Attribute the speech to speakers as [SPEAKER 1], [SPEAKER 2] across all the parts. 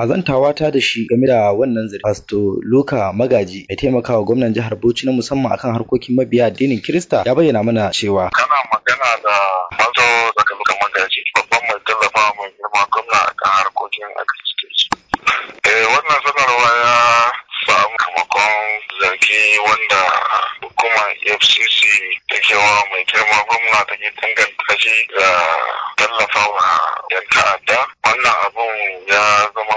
[SPEAKER 1] A ta da shi game da wannan zargi, pasto Luka Magaji mai taimakawa gwamnan jihar Bauchi na musamman akan harkokin mabiya addinin Kirista ya bayyana mana cewa kana magana
[SPEAKER 2] da Pastor daga Luka Magaji babban mai tallafa mai girma gwamna akan harkokin Kirista. Eh wannan sanarwa ya samu kamakon zargi wanda hukumar FCC ta kewa mai girma gwamna ta ke danganta shi da tallafawa 'yan ta'adda wannan abun ya zama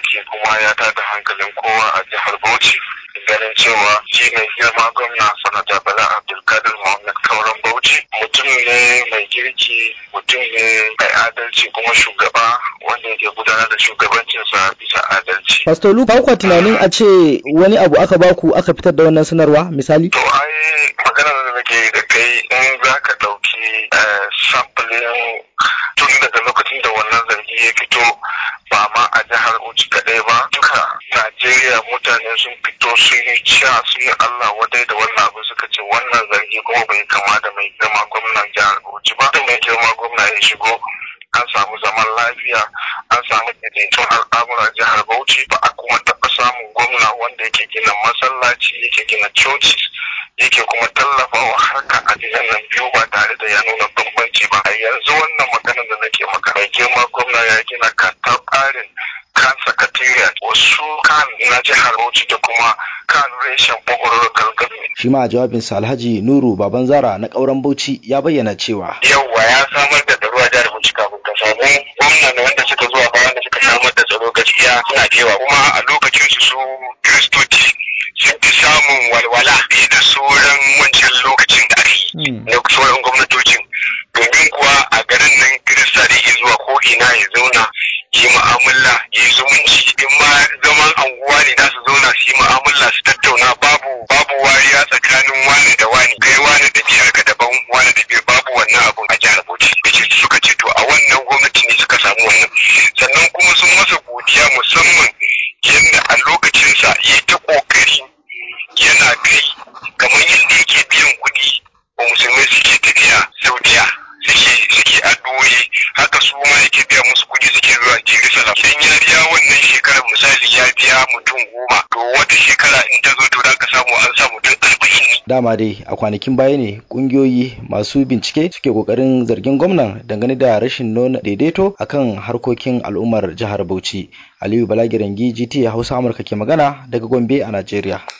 [SPEAKER 2] ake kuma ya tada hankalin kowa a jihar Bauchi ganin cewa shi mai girma gwamna sanata Bala Abdulkadir Muhammad Kauran Bauchi mutum ne mai girki mutum ne mai adalci kuma shugaba wanda yake gudanar da shugabancinsa bisa adalci.
[SPEAKER 1] Pastor Luke, ba tunanin a ce wani abu aka baku aka fitar da wannan sanarwa misali? To
[SPEAKER 2] ai magana da nake da kai in za ka ɗauki eh, sampling tun daga lokacin da wannan zargi ya fito a jihar Bauchi kaɗai ba duka Najeriya mutane sun fito sun yi cewa sun yi Allah wadai da wannan abu suka ce wannan zargi kuma bai kama da mai girma gwamnan jihar Bauchi ba da mai girma gwamna ya shigo an samu zaman lafiya an samu daidaiton al'amura jihar Bauchi ba a kuma taɓa samun gwamna wanda yake gina masallaci yake gina coci yake kuma tallafawa harka a nan biyu ba tare da ya nuna bambanci ba a yanzu wannan maganar da nake maka mai girma gwamna ya gina kan su kan na jihar Bauchi da kuma kan reshen Bogoro
[SPEAKER 1] Kalkabi. Shi ma jawabin jawabinsa Alhaji Nuru Baban Zara na ƙauren Bauchi ya bayyana cewa.
[SPEAKER 2] Yawwa ya samar da ruwa a jihar Bauchi kafin ka samu wannan wanda suka zuwa bayan da suka samar da tsaro gaskiya suna da yawa kuma a lokacin su su Kiristoci sun fi samun walwala da sauran yake zuwa jirgin salam in ya biya wannan shekarar misali ya biya mutum goma to wata shekara in ta zo to ka samu
[SPEAKER 1] an sa mutum arba'in ne. dama dai a kwanakin baya ne kungiyoyi masu bincike suke kokarin zargin gwamnan dangane da rashin nuna daidaito akan harkokin al'ummar jihar bauchi aliyu balagirangi gta hausa amurka ke magana daga gombe a najeriya.